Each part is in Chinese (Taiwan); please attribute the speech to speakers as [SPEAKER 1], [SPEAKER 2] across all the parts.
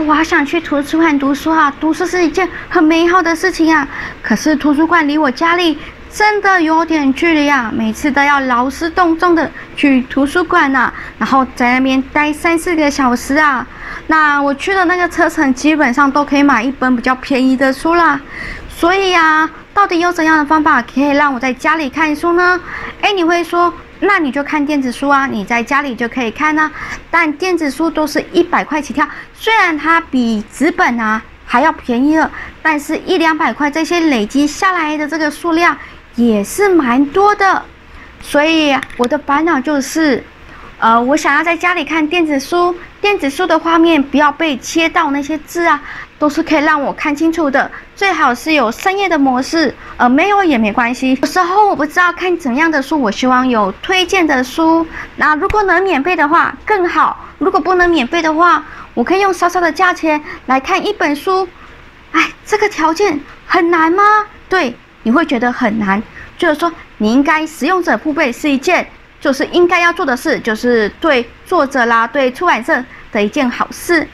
[SPEAKER 1] 我好想去圖書館讀書啊！讀書是一件很美好的事情啊，可是圖書館離我家裡真的有點距離啊，每次都要勞師動眾的去圖書館吶、啊，然後在那邊待三四個小時啊。那我去的那個車程基本上都可以買一本比較便宜的書啦。所以啊，到底有怎樣的方法可以讓我在家裡看書呢？哎，你會說？那你就看電子書啊，你在家裡就可以看啊。但電子書都是一百塊起跳，雖然它比紙本啊還要便宜了，但是一兩百塊這些累積下來的這個數量也是蠻多的。所以我的煩惱就是，呃，我想要在家裡看電子書，電子書的畫面不要被切到那些字啊。都是可以讓我看清楚的，最好是有深夜的模式，呃，沒有也沒關係。有時候我不知道看怎樣的書，我希望有推薦的書。那如果能免費的話更好，如果不能免費的話，我可以用稍稍的價錢來看一本書。唉，這個條件很難嗎？對，你會覺得很難。就是說，你應該使用者付費是一件，就是應該要做的事，就是對作者啦，對出版社的一件好事。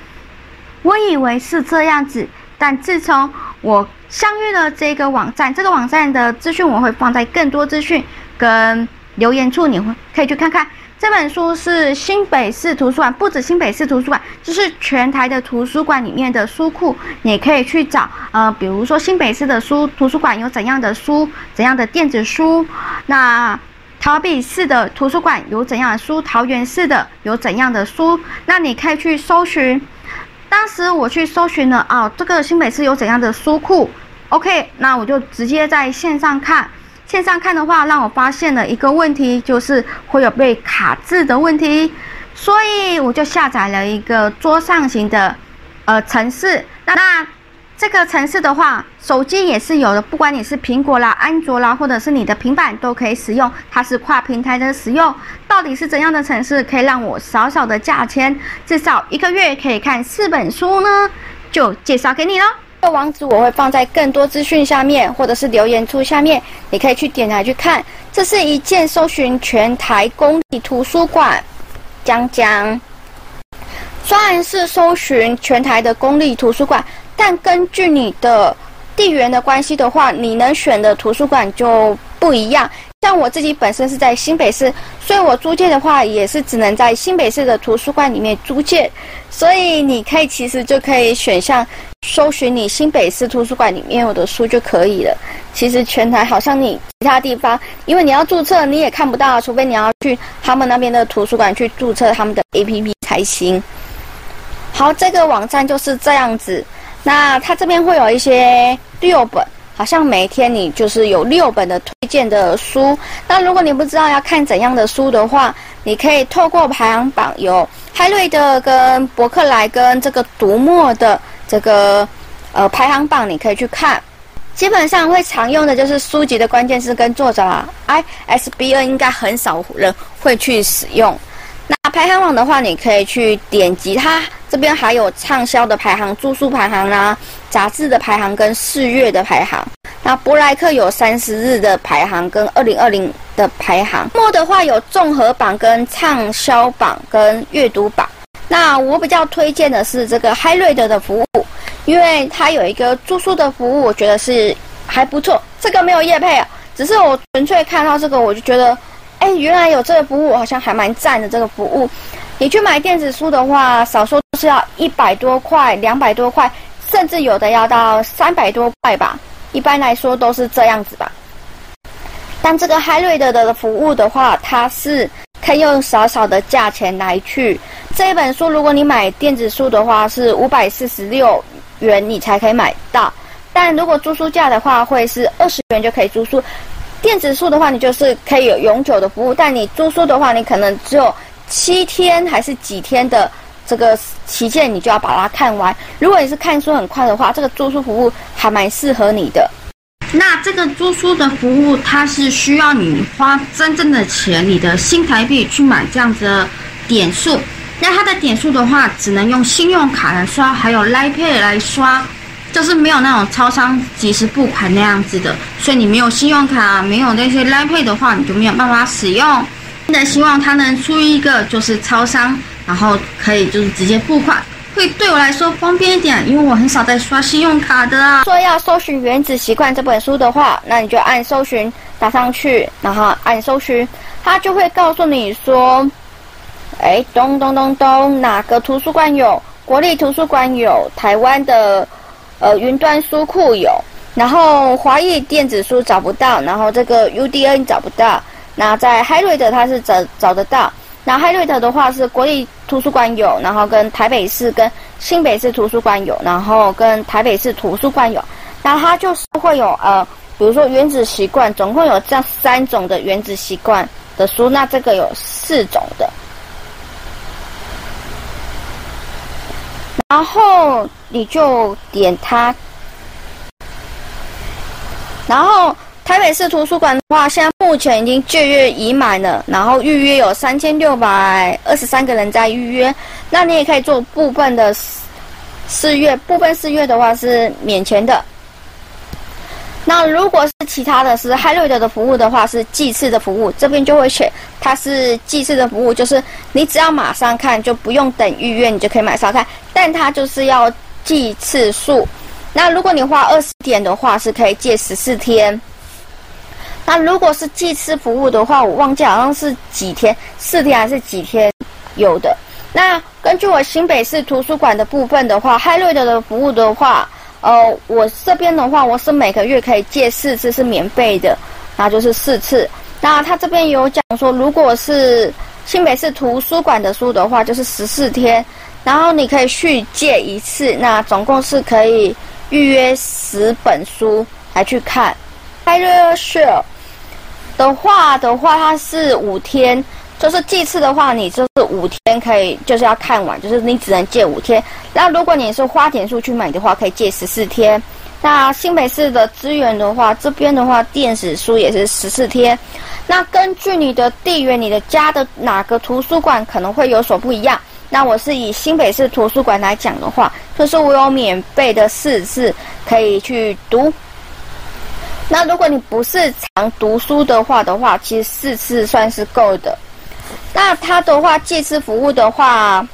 [SPEAKER 1] 我以為是這樣子，但自從我相遇了這個網站，這個網站的資訊我會放在更多資訊跟留言處，你可以去看看。這本書是新北市圖書館，不止新北市圖書館，就是全台的圖書館裡面的書庫，你可以去找。呃，比如說新北市的書圖書館有怎樣的書，怎樣的電子書？那台北市的圖書館有怎樣的書？桃園市的有怎樣的書？那你可以去搜尋。當時我去搜尋了啊，哦，這個新北市有怎樣的書庫？OK，那我就直接在線上看。線上看的話，讓我發現了一個問題，就是會有被卡字的問題，所以我就下載了一個桌上型的，呃，程式。那。那這個程式的話，手機也是有的，不管你是蘋果啦、安卓啦，或者是你的平板都可以使用，它是跨平台的使用。到底是怎樣的程式可以讓我少少的價錢，至少一個月可以看四本書呢？就介紹給你嘍。這個網址我會放在更多資訊下面，或者是留言處下面，你可以去點來去看。這是一鍵搜尋全台公立圖書館，將將，算是搜尋全台的公立圖書館。但根據你的地緣的關係的話，你能選的圖書館就不一樣。像我自己本身是在新北市，所以我租借的話也是只能在新北市的圖書館裡面租借。所以你可以其實就可以選項搜尋你新北市圖書館裡面有的書就可以了。其實全台好像你其他地方，因為你要注冊你也看不到，除非你要去他們那邊的圖書館去注冊他們的 APP 才行。好，這個網站就是這樣子。那他這邊會有一些六本，好像每天你就是有六本的推薦的書。那如果你不知道要看怎樣的書的話，你可以透過排行榜有 HyRead 跟伯克萊跟這個讀墨的這個呃排行榜，你可以去看。基本上會常用的就是書籍的關鍵字跟作者啊，I S B N 應該很少人會去使用。那排行榜的話，你可以去點擊它這邊，還有暢銷的排行、住宿排行啦、啊，雜誌的排行跟四月的排行。那博萊克有三十日的排行跟二零二零的排行。墨的話有綜合榜、跟暢銷榜、跟閱讀榜。那我比較推薦的是這個嗨瑞德的服務，因為它有一個住宿的服務，我覺得是還不錯。這個沒有業配啊，只是我純粹看到這個，我就覺得。哎、欸，原來有這個服務，好像還蠻讚的。這個服務，你去買電子書的話，少說都是要一百多塊、兩百多塊，甚至有的要到三百多塊吧。一般來說都是這樣子吧。但這個 HyRead 的服務的話，它是可以用少少的價錢來去。這一本書，如果你買電子書的話，是五百四十六元你才可以買到；但如果租書價的話，會是二十元就可以租書。電子書的話，你就是可以有永久的服務，但你租書的話，你可能只有七天還是幾天的這個期限，你就要把它看完。如果你是看書很快的話，這個租書服務還蠻適合你的。那這個租書的服務，它是需要你花真正的錢，你的新台幣去買這樣子的點數。那它的點數的話，只能用信用卡來刷，還有 LINE Pay 來刷。就是沒有那種超商即時付款那樣子的，所以你沒有信用卡，沒有那些來 pay 的話，你就沒有辦法使用。真的希望它能出一個就是超商，然後可以就是直接付款，會對我來說方便一點，因為我很少在刷信用卡的啊。說要搜尋《原子習慣》這本書的話，那你就按搜尋打上去，然後按搜尋，它就會告訴你說：“哎、欸，咚咚咚咚，哪個圖書館有？國立圖書館有，台灣的。”呃，雲端書庫有，然後華藝電子書找不到，然後這個 UDN 找不到。那在 HyRead 它是找找得到。那 HyRead 的話是國立圖書館有，然後跟台北市跟新北市圖書館有，然後跟台北市圖書館有，有。那它就是會有呃，比如說原子習慣，總共有這樣三種的原子習慣的書。那這個有四種的，然後。你就點它，然後台北市圖書館的話，現在目前已經借閱已滿了，然後預約有三千六百二十三個人在預約。那你也可以做部分的試閱，部分試閱的話是免錢的。那如果是其他的是 HyRead 的服務的話，是計次的服務，這邊就會選它是計次的服務，就是你只要馬上看，就不用等預約，你就可以馬上看。但它就是要計次數，那如果你花二十點的話，是可以借十四天。那如果是計次服務的話，我忘記好像是幾天，四天還是幾天有的。那根據我新北市圖書館的部分的話，HyRead 的服務的話，呃，我這邊的話我是每個月可以借四次，是免費的，那就是四次。那他這邊有講說，如果是新北市圖書館的書的話，就是十四天。然後你可以續借一次，那總共是可以預約十本書來去看。HyRead 的話的話，它是五天，就是這次的話，你就是五天可以，就是要看完，就是你只能借五天。那如果你是花錢出去買的話，可以借十四天。那新北市的資源的話，這邊的話電子書也是十四天。那根據你的地緣，你的家的哪個圖書館可能會有所不一樣。那我是以新北市圖書館來講的話，就是我有免費的四次可以去讀。那如果你不是常讀書的話的話，其實四次算是夠的。那它的話借書服務的話，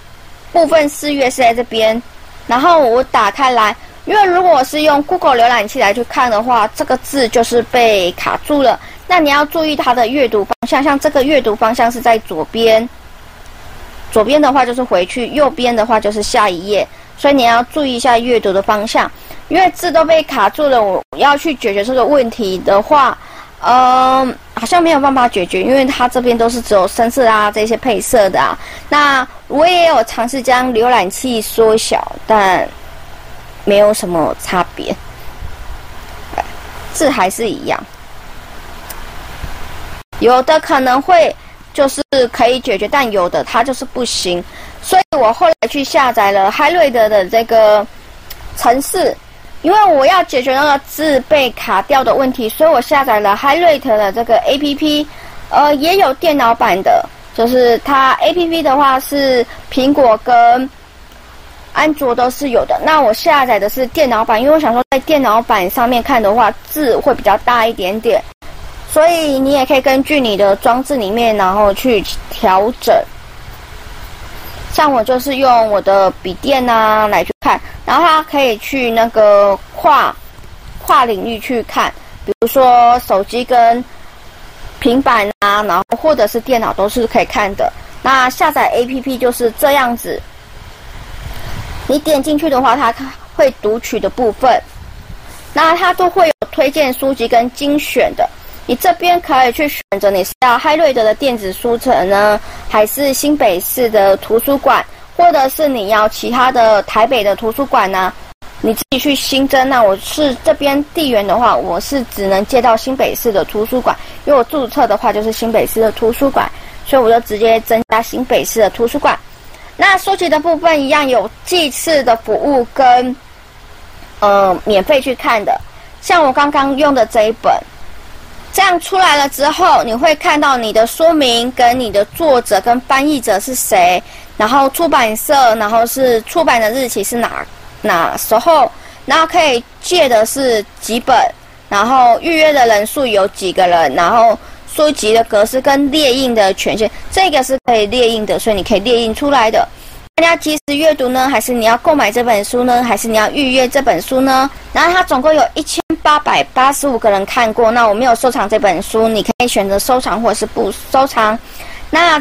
[SPEAKER 1] 部分試閱是在這邊。然後我打開來，因為如果我是用 Google 瀏覽器來去看的話，這個字就是被卡住了。那你要注意它的閱讀方向，像這個閱讀方向是在左邊。左邊的話就是回去，右邊的話就是下一頁，所以你要注意一下閱讀的方向，因為字都被卡住了。我要去解決這個問題的話，嗯，好像沒有辦法解決，因為它這邊都是只有深色啊，這些配色的啊。那我也有嘗試將瀏覽器縮小，但沒有什麼差別，字還是一樣。有的可能會。就是可以解決，但有的它就是不行，所以我後來去下載了 HyRead 的這個程式，因為我要解決那個字被卡掉的問題，所以我下載了 HyRead 的這個 APP，呃，也有電腦版的，就是它 APP 的話是蘋果跟安卓都是有的。那我下載的是電腦版，因為我想說在電腦版上面看的話字會比較大一點點。所以你也可以根據你的裝置裡面，然後去調整。像我就是用我的筆電啊來去看，然後它可以去那個跨跨領域去看，比如說手機跟平板啊，然後或者是電腦都是可以看的。那下載 APP 就是這樣子，你點進去的話，它會讀取的部分，那它都會有推薦書籍跟精選的。你這邊可以去選擇你是要 HyRead 的電子書城呢，還是新北市的圖書館，或者是你要其他的台北的圖書館呢？你自己去新增。那我是這邊地緣的話，我是只能借到新北市的圖書館，因為我註冊的話就是新北市的圖書館，所以我就直接增加新北市的圖書館。那書籍的部分一樣有計次的服務跟，呃，免費去看的。像我剛剛用的這一本。這樣出來了之後，你會看到你的說明、跟你的作者、跟翻譯者是誰，然後出版社，然後是出版的日期是哪哪時候，然後可以借的是幾本，然後預約的人數有幾個人，然後書籍的格式跟列印的權限，這個是可以列印的，所以你可以列印出來的。你要及時閱讀呢，還是你要購買這本書呢，還是你要預約這本書呢？然後它總共有一千八百八十五個人看過。那我沒有收藏這本書，你可以選擇收藏或是不收藏。那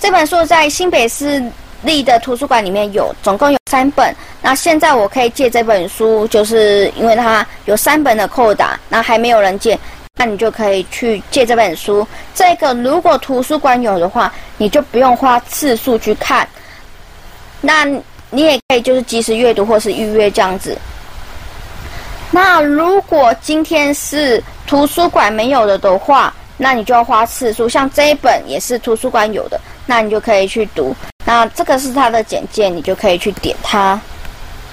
[SPEAKER 1] 這本書在新北市立的圖書館裡面有，總共有三本。那現在我可以借這本書，就是因為它有三本的扣打，那還沒有人借，那你就可以去借這本書。這個如果圖書館有的話，你就不用花次數去看。那你也可以就是即時閱讀或是預約這樣子。那如果今天是圖書館沒有的的話，那你就要花次數。像這一本也是圖書館有的，那你就可以去讀。那這個是它的簡介，你就可以去點它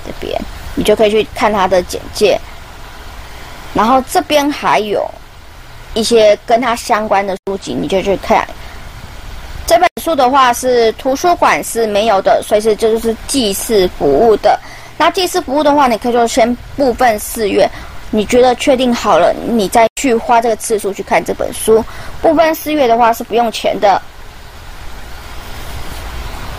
[SPEAKER 1] 這邊，你就可以去看它的簡介。然後這邊還有一些跟它相關的書籍，你就去看。這本書的話是圖書館是沒有的，所以是這就是計次服務的。那計次服務的話，你可以就先部分試閱，你覺得確定好了，你再去花這個次數去看這本書。部分試閱的話是不用錢的。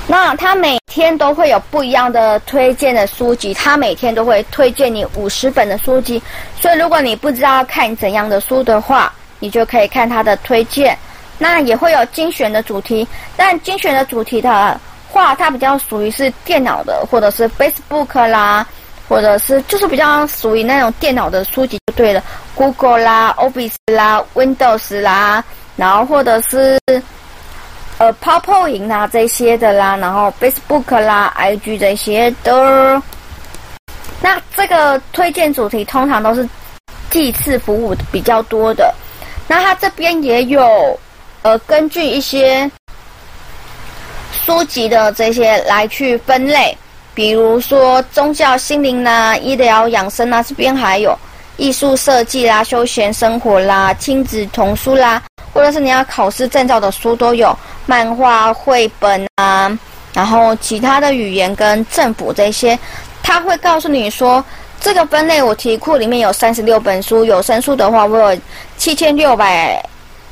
[SPEAKER 1] 那他每天都會有不一樣的推薦的書籍，他每天都會推薦你五十本的書籍。所以如果你不知道看怎樣的書的話，你就可以看他的推薦。那也會有精選的主題，但精選的主題的話，它比較屬於是電腦的，或者是 Facebook 啦，或者是就是比較屬於那種電腦的書籍就對了，Google 啦、Office 啦、Windows 啦，然後或者是呃 PowerPoint 啊這些的啦，然後 Facebook 啦、IG 這些的。那這個推薦主題通常都是計次服務比較多的，那它這邊也有。呃，而根據一些書籍的這些來去分類，比如說宗教、心靈啦、啊、醫療養生啦、啊，這邊還有藝術設計啦、休閒生活啦、啊、親子童書啦、啊，或者是你要考試證照的書都有，漫畫繪本啊，然後其他的語言跟政府這些，他會告訴你說，這個分類我題庫裡面有三十六本書，有聲書的話，我有七千六百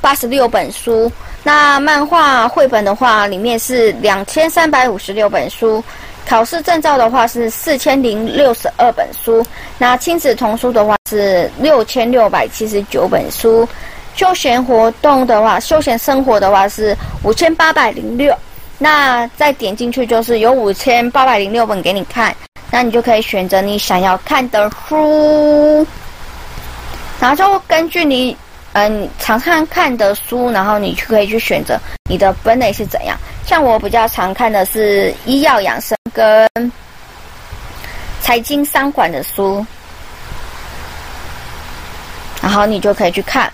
[SPEAKER 1] 八十六本書，那漫畫繪本的話，裡面是兩千三百五十六本書；考試證照的話是四千零六十二本書；那親子童書的話是六千六百七十九本書；休閒活動的話，休閒生活的話是五千八百零六。那再點進去就是有五千八百零六本給你看，那你就可以選擇你想要看的書，然後就根據你。嗯，常常看的書，然後你就可以去選擇你的分類是怎樣。像我比較常看的是醫藥養生跟財經商管的書，然後你就可以去看。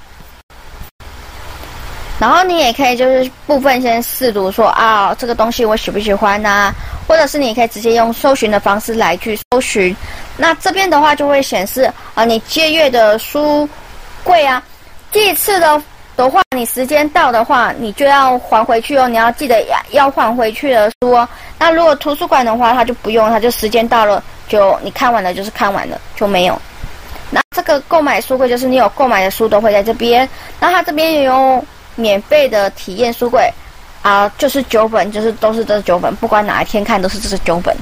[SPEAKER 1] 然後你也可以就是部分先試讀說，說啊這個東西我喜不喜歡吶、啊？或者是你可以直接用搜尋的方式來去搜尋。那這邊的話就會顯示啊你借閱的書櫃啊。第一次的的話，你時間到的話，你就要還回去哦。你要記得要要還回去的書、哦。那如果圖書館的話，它就不用，它就時間到了就你看完了就是看完了就沒有。那這個購買書櫃就是你有購買的書都會在這邊。那它這邊也有免費的體驗書櫃啊，就是九本，就是都是這九本，不管哪一天看都是這是九本。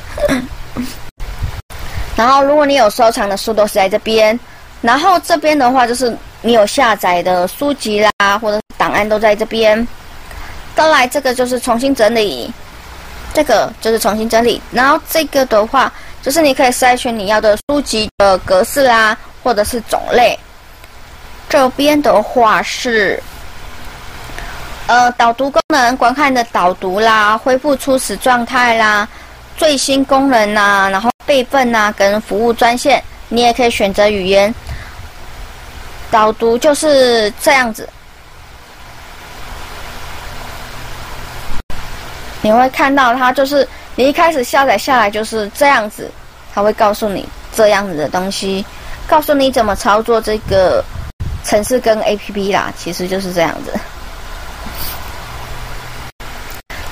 [SPEAKER 1] 然後如果你有收藏的書都是在這邊。然後這邊的話就是。你有下載的書籍啦，或者是檔案都在這邊。剛來，這個就是重新整理，這個就是重新整理。然後這個的話，就是你可以篩選你要的書籍的格式啦，或者是種類。這邊的話是，呃，導讀功能、觀看的導讀啦，恢復初始狀態啦，最新功能吶，然後備份吶，跟服務專線，你也可以選擇語言。導讀就是這樣子，你會看到它就是你一開始下載下來就是這樣子，它會告訴你這樣子的東西，告訴你怎麼操作這個程式跟 APP 啦。其實就是這樣子。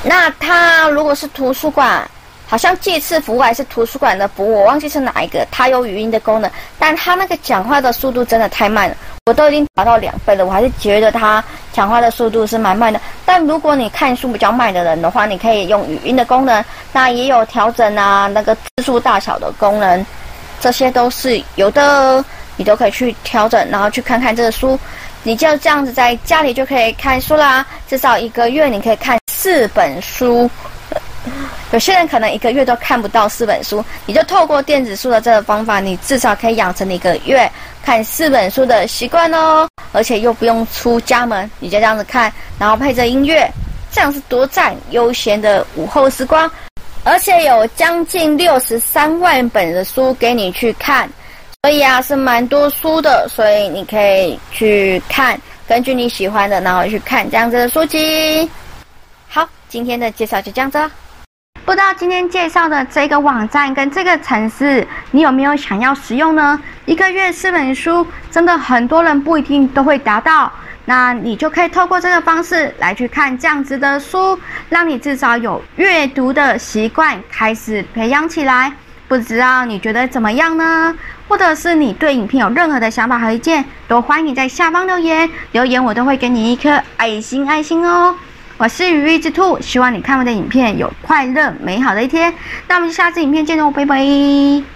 [SPEAKER 1] 那它如果是圖書館，好像這次服務還是圖書館的服務，我忘記是哪一個。它有語音的功能，但它那個講話的速度真的太慢了。我都已經調到兩倍了，我還是覺得它講話的速度是蠻慢的。但如果你看書比較慢的人的話，你可以用語音的功能，那也有調整啊，那個字數大小的功能，這些都是有的，你都可以去調整，然後去看看這個書，你就這樣子在家裡就可以看書啦。至少一個月你可以看四本書。有些人可能一個月都看不到四本書，你就透過電子書的這個方法，你至少可以養成一個月看四本書的習慣哦。而且又不用出家門，你就這樣子看，然後配着音樂，這樣是多贊悠閒的午後時光。而且有將近六十三萬本的書給你去看，所以啊是蠻多書的，所以你可以去看，根據你喜歡的，然後去看這樣子的書籍。好，今天的介紹就這樣子哦。不知道今天介紹的這個網站，跟這個程式，你有沒有想要使用呢？一個月四本書，真的很多人不一定都會達到。那你就可以透過這個方式來去看這樣子的書，讓你至少有閱讀的習慣開始培養起來。不知道你覺得怎麼樣呢？或者是你對影片有任何的想法和意見，都歡迎你在下方留言，留言我都會給你一顆愛心，愛心哦。我是羽翼之兔，希望你看我的影片有快樂美好的一天。那我們下次影片見，哦，拜拜。